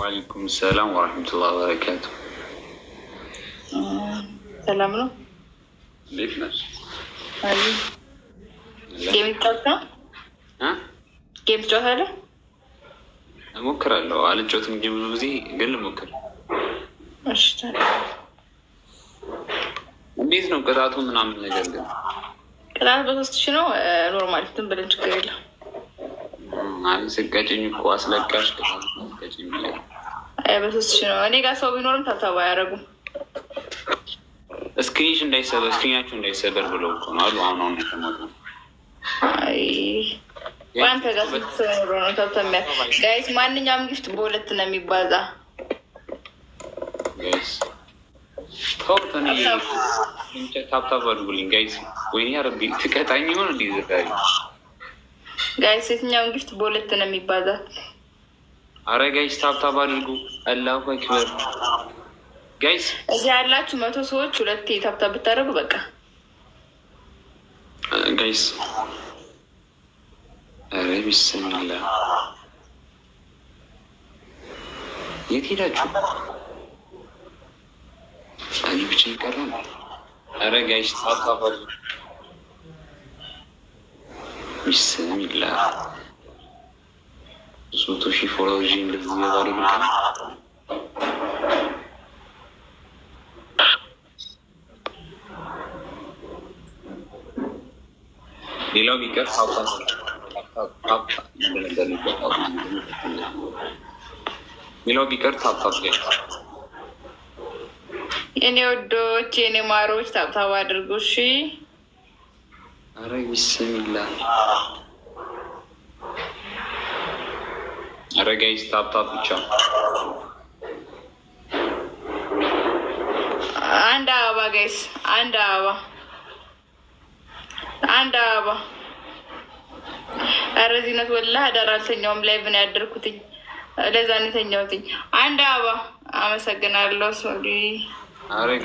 ዋሌኩም ሰላም ወረህመቱላህ በረካቱ። ሰላም ነው። እንዴት ነሽ? ጌም ትጫወታለህ? እሞክራለሁ። አልጫወትም እንጂ ብዙ ጊዜ ግን ልሞክር። እንዴት ነው ቅጣቱ ምናምን ነገር? ግን ቅጣት በሶስት ሺህ ነው። ኖርማል ዝም ብለን ችግር የለም ስቀጭኝ እኮ አስለቃሽ ቀጭኝ በሶስት ነው። እኔ ጋር ሰው ቢኖርም ታብታባ አያደርጉም። እስክሪንሽ እንዳይሰበር እስክሪኛችሁ እንዳይሰበር ብለው እኮ ነው አሉ። አሁን አሁን የተሞቱ በአንተ ጋር ስንት ሰው ኖሮ ነው ጋይስ ማንኛውም ጊፍት በሁለት ነው የሚባዛ። ተውተን ታብታብ አድርጉልኝ ጋይስ። ወይኔ ረቢ ትቀጣኝ ይሆን እንዲዘጋ ጋይስ የትኛውን ጊፍት በሁለት ነው የሚባዛት? አረ ጋይስ ታብታብ አድርጉ። አላሁ አክበር ጋይስ፣ እዚህ ያላችሁ መቶ ሰዎች ሁለት ታብታብ ብታደርጉ በቃ ጋይስ። አረ ቢስሚላ የት ሄዳችሁ? እኔ ብቻ አረ ጋይስ ታብታብ አድርጉ ቢስሚላህ ሶቶ ሺ ፎሎወርዥ እንደዚህ የባለ ልክ ሌላው ቢቀር ሌላው ቢቀር ታብታብ ገ የኔ ወዶች የኔ ማሮች ታብታብ አድርጉ እሺ። አረ ቢስሚላ አረ ጋይስ ታፕታፕ ብቻ አንድ አበባ ጋይስ አንድ አበባ አንድ አበባ አረ ዚነት ወላሂ አዳር አልተኛውም ላይቭ ነው ያደርኩትኝ ለዛ ነው የተኛሁትኝ አንድ አበባ አመሰግናለሁ ሶሪ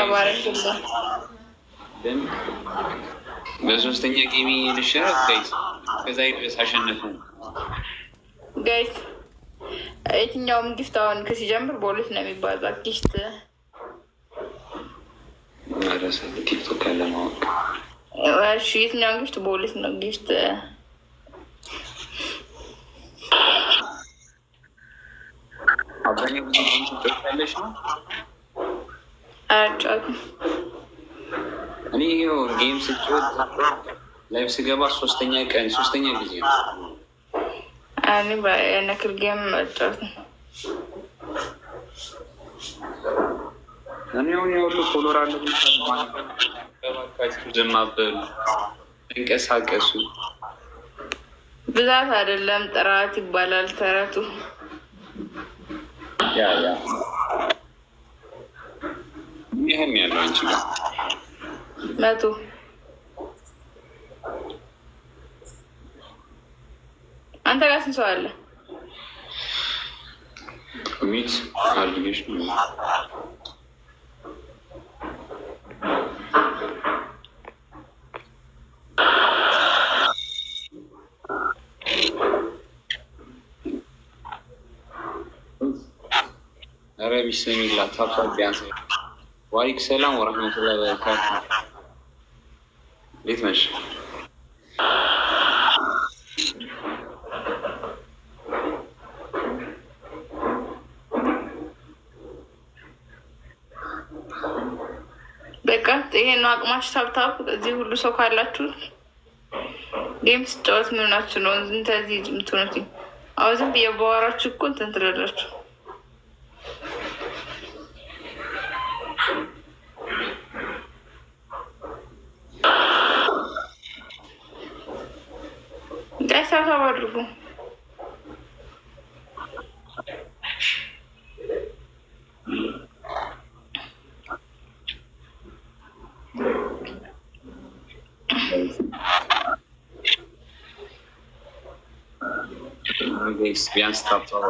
ተባረክላ በሶስተኛ ጌሚ ልሸነፍ ጋይስ፣ ከዛ ድረስ አሸነፉ ጋይስ። የትኛውም ጊፍት አሁን ከሲጀምር በሁለት ነው የሚባዛ ጊፍት ቲክቶክ ያለማወቅ እሺ፣ የትኛውን ጊፍት በሁለት ነው ጊፍት አብዛኛው ጊዜ ጫወት እኔ ይኸው ጌም ስጫወት ላይፍ ስገባ ሶስተኛ ቀን ሶስተኛ ጊዜ ነው። ጌም መጫወት እኔ እንቀሳቀሱ። ብዛት አይደለም ጥራት ይባላል ተረቱ። ያ ያ ያለው አንቺ ጋር መቶ አንተ ጋር ስንት ሰው አለ? ሚት አልጌሽ ኧረ ቢስሚላ ታብታ ቢያንስ ዋሊክ ሰላም ወረሕመቱላሂ ወበረካቱ እንዴት ነሽ? በቃ ይሄ ነው አቅማች። ታብታብ እዚህ ሁሉ ሰው ካላችሁ ጌም ስጫወት ምናችሁ ነው እንተዚህ ምትሆኑት? አዎ ዝም ብዬ ባወራችሁ እኮ እንትን ትላላችሁ። ወይስ ቢያንስ ታብታዋል?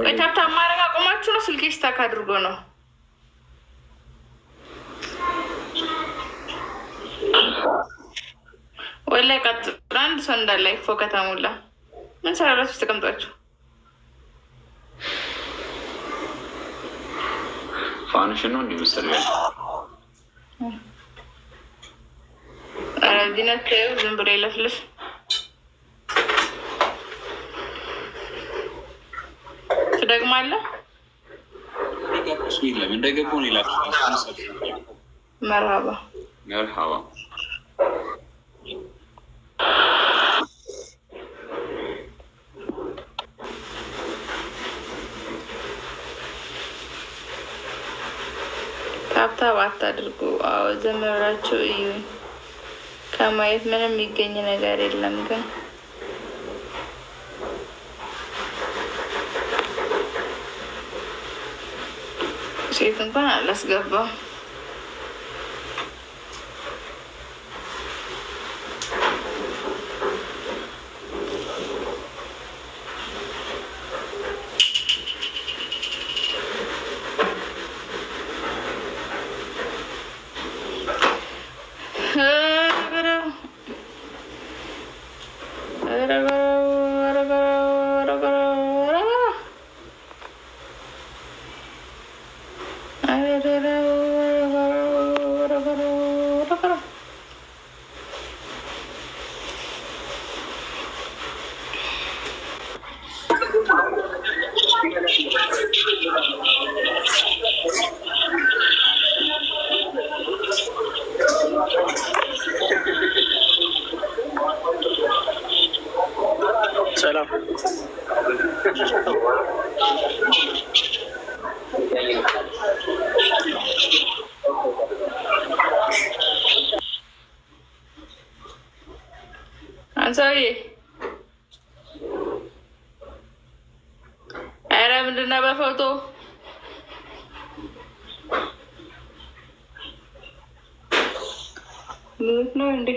ወይ ታብታ አቁማችሁ ነው? ስልኬ ስታክ አድርጎ ነው። አንድ ሰው እንዳለ ይፎ ከተሞላ ምን ስራ ራሱ ተቀምጧችሁ ፋንሽን ነው እንዲህ መሰለኝ ዚነት ዝም ብሎ ይለፍልፍ። ትደግማለህ። እንደገቡ ነው ይላል። መርሃባ መርሃባ አድርጉ። አዎ ዝም ብላችሁ እዩ። ከማየት ምንም የሚገኝ ነገር የለም ግን ሴት እንኳን አላስገባም። I don't know. ሄሎ፣ ኧረ ምንድን ነው በፎቶ ምት ነው እንዴ?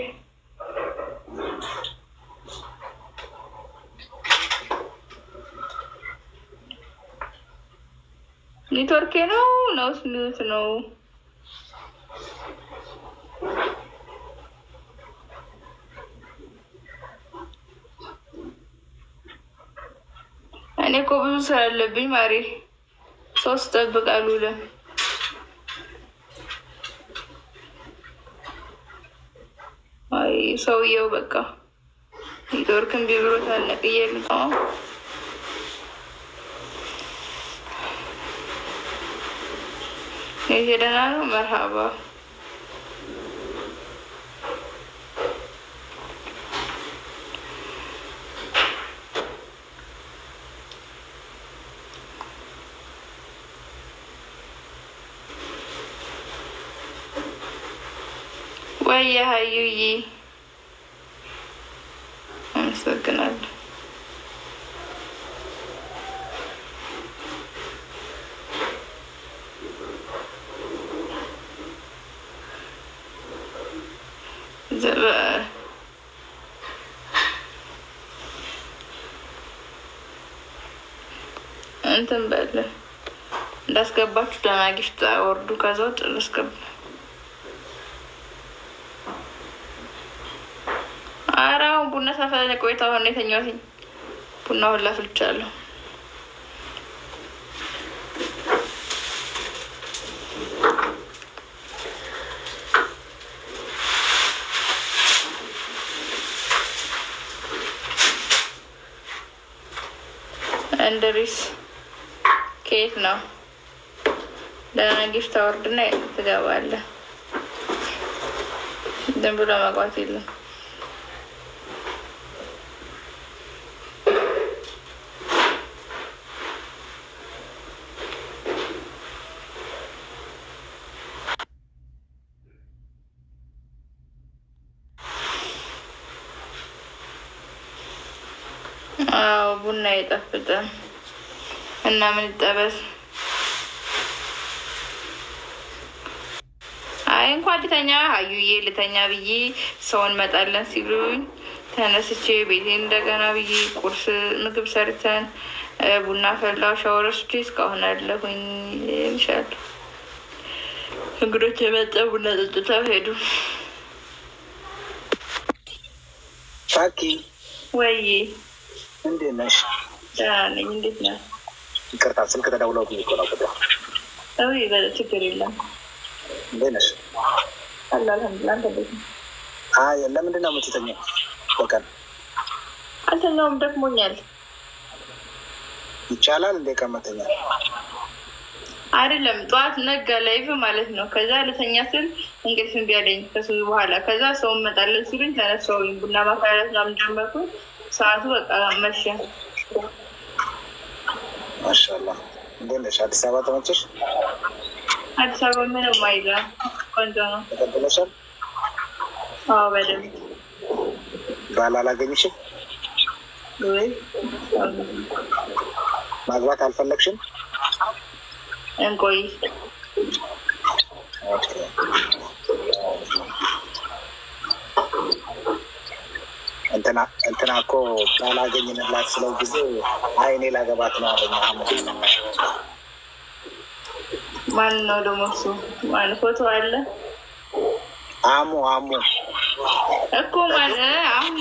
ኔትወርኬ ነው ነውስ? ምት ነው እኔ እኮ ብዙ ስራ አለብኝ ማሬ። ሶስት ጠብቃሉ ለም አይ ሰውየው በቃ ኔትወርክን ቢብሮ ታለቅ ይሄ ደህና ነው። መርሃባ ወይ ሀዩዬ አመሰግናለሁ። እንትን በል እንዳስገባችሁ ደህና ጊፍት አወርዱ። ከዛ አስገባ? ሰዓት ላይ ቆይታ ሆነ የተኛሁት ቡና ሁላ ፍልቻለሁ። እንደሪስ ከየት ነው? ደህና ጊፍት አወርድና ትገባለህ። ዝም ብሎ መግባት የለም። አዎ ቡና አይጣፍጥም እና ምን ይጠበስ? አይ እንኳን ልተኛ አዩዬ ልተኛ ብዬ ሰውን መጣለን ሲሉኝ ተነስቼ ቤቴን እንደገና ብዬ ቁርስ ምግብ ሰርተን ቡና ፈላ ሻወር ወስጄ እስካሁን አለሁኝ። ይሻሉ እንግዶች ቡና ጠጥተው ሄዱ። ወይ እንዴት ነሽ? እንዴት ነህ? ይቅርታ ስልክ ተደውለው ችግር የለም። እንዴት ነሽ? አይ ለምንድን ነው የምትተኛው? በቀን አልተኛውም፣ ደክሞኛል። ይቻላል እንዴ ቀን አይደለም። ጠዋት ነጋ ላይቭ ማለት ነው። ከዛ ለተኛ ስል እንቅልፍ እምቢ አለኝ ከሱ በኋላ። ከዛ ሰው መጣለን ሲሉኝ ተነሳሁኝ ቡና ማፈላለት ምናምን ጀመርኩኝ። ሰዓቱ በቃ መሸ። ማሻላ እንዴት ነሽ? አዲስ አበባ ተመቸሽ? አዲስ አበባ ምንም አይልም፣ ቆንጆ ነው። ተቀብለሻል? አዎ በደምብ። ባል አላገኝሽም? ማግባት አልፈለግሽም? እንቆይ እንትና እኮ ባላገኝንላት ስለው ጊዜ አይኔ ላገባት ነው አለኝ። ማን ነው ደግሞ እሱ? ማን ፎቶ አለ? አሙ አሙ እኮ ማን አሙ?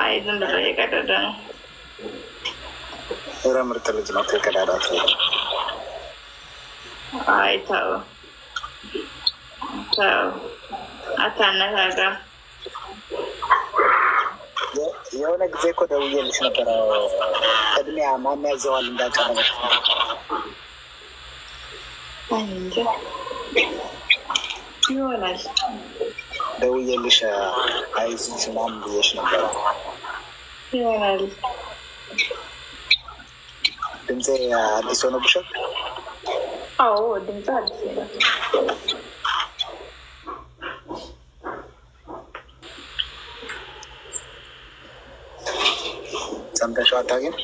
አይ ዝም ብሎ የቀደደ ነው። ኧረ ምርጥ ልጅ ነው። ተቀዳዳት አይታው ታው አታነጋግረም የሆነ ጊዜ እኮ ደውዬልሽ ነበረ። ቅድሚያ ማን ያዘዋል እንዳቀረበች ይሆናል ደውዬልሽ አይዞሽ ምናምን ብዬሽ ነበረ። ይሆናል ድምፄ አዲስ ሆኖብሻል? አዎ ድምፄ አዲስ ነው። አታውቂም?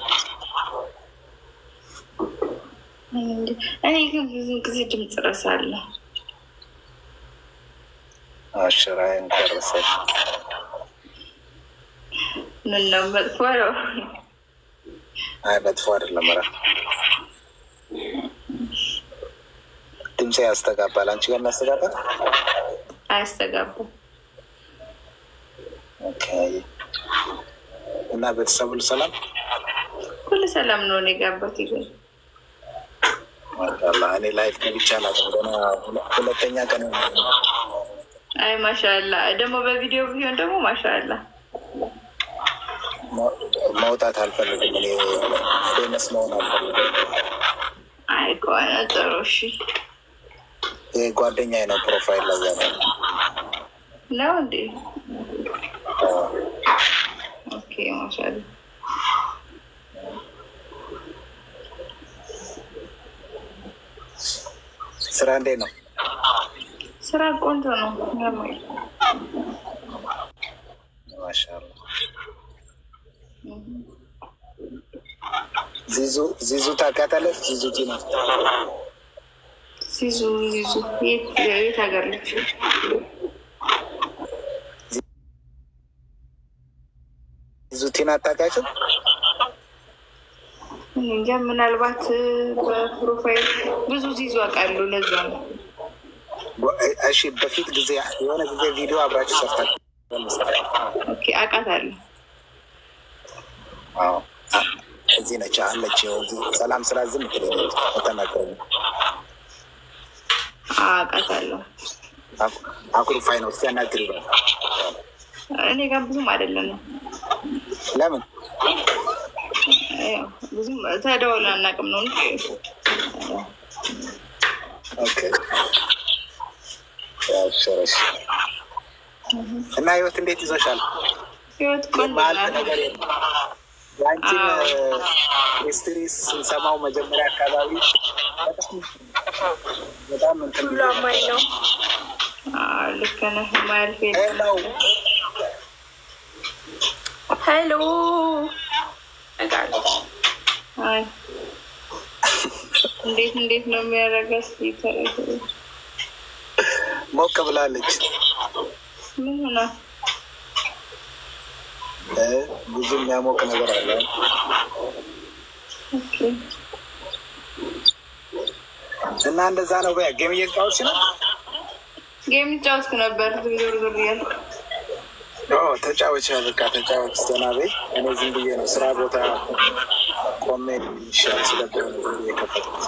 እኔ ግን ብዙ ጊዜ ድምፅ እረሳለሁ። አሽራይን ምን ነው መጥፎ ነው? አይ መጥፎ አይደለም። ኧረ ድምፅ ያስተጋባል። አንቺ ጋር የሚያስተጋባል አያስተጋባም። እና ቤተሰቡ ሰላም ሁሉ ሰላም ነው። እኔ ጋር አባት ማሻላ። እኔ ላይፍ ገና ሁለተኛ ቀን። አይ ማሻላ ደግሞ በቪዲዮ ቢሆን ደግሞ ማሻላ መውጣት አልፈልግም። እኔ ፌመስ መሆን አልፈልግም። አይ ጥሩ እሺ። ይህ ጓደኛዬ ነው ፕሮፋይል ላይ ነው እንዴ? ኦኬ ማሻላ ስራ እንዴት ነው? ስራ ቆንጆ ነው። ማሻአላ ዚዙ ዚዙ ታውቃታለህ? ዚዙ ቲና ዚዙ ዚዙ የት ሀገር ዚዙ ቲና አታውቃቸው? እንጃ ምናልባት በፕሮፋይል ብዙ ጊዜ አውቃሉ። ለዛ ነው እሺ። በፊት ጊዜ የሆነ ጊዜ ቪዲዮ አብራችሁ ሰርታል አውቃታለሁ። እዚህ ነች አለች። ሰላም ስራ ዝም ተናገሩ። አውቃታለሁ። አኩርፋይ ነው ሲያናግር እኔ ጋር ብዙም አይደለም። ለምን ብዙም ተደዋውለን አናውቅም ነው እና ህይወት እንዴት ይዞሻል? ህይወት ነገር ሂስትሪ uh, ስንሰማው መጀመሪያ አካባቢ በጣም ሁሉ አማኝ ነው። ልክ ነህ። ማያልፍ ሄሎ እንዴት እንዴት ነው የሚያደርገው? ሞቅ ብላለች። ምን ሆና? ብዙ የሚያሞቅ ነገር አለ። እና እንደዛ ነው። ጌም እየተጫወትሽ ነው? ጌም እየተጫወትኩ ነበር። ዞር ዞር ተጫወች በቃ ተጫወች ዘናቤ እኔ ዝም ብዬ ነው ስራ ቦታ ቆሜ ሚሻል ስለብ የከፈትኩት።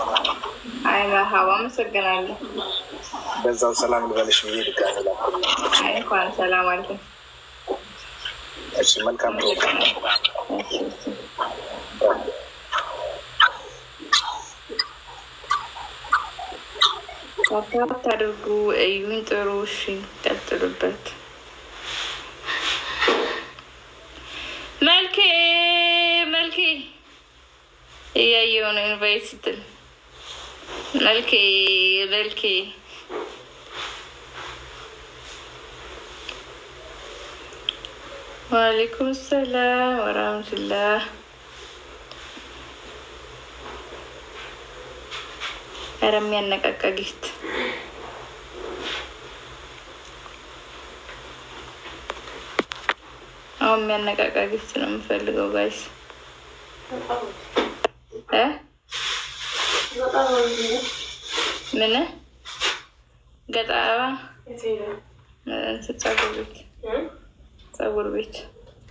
አይ አመሰግናለሁ። በዛው ሰላም ልበልሽ ብዬ ድጋሚ እንኳን ሰላም አለ እሺ መልካም ተወ አታድርጉ። እዩን ጥሩ። እሺ ቀጥሉበት። እያየሁ ነው። ኢንቫይት ስትል መልኬ መልኬ ዋሌኩም ሰላም ወራህመቱላህ ኧረ የሚያነቃቃ ጊፍት አሁን የሚያነቃቃ ጊፍት ነው የምፈልገው ጋይስ ምን ገጠባ ጸጉር ቤት ጸጉር ቤት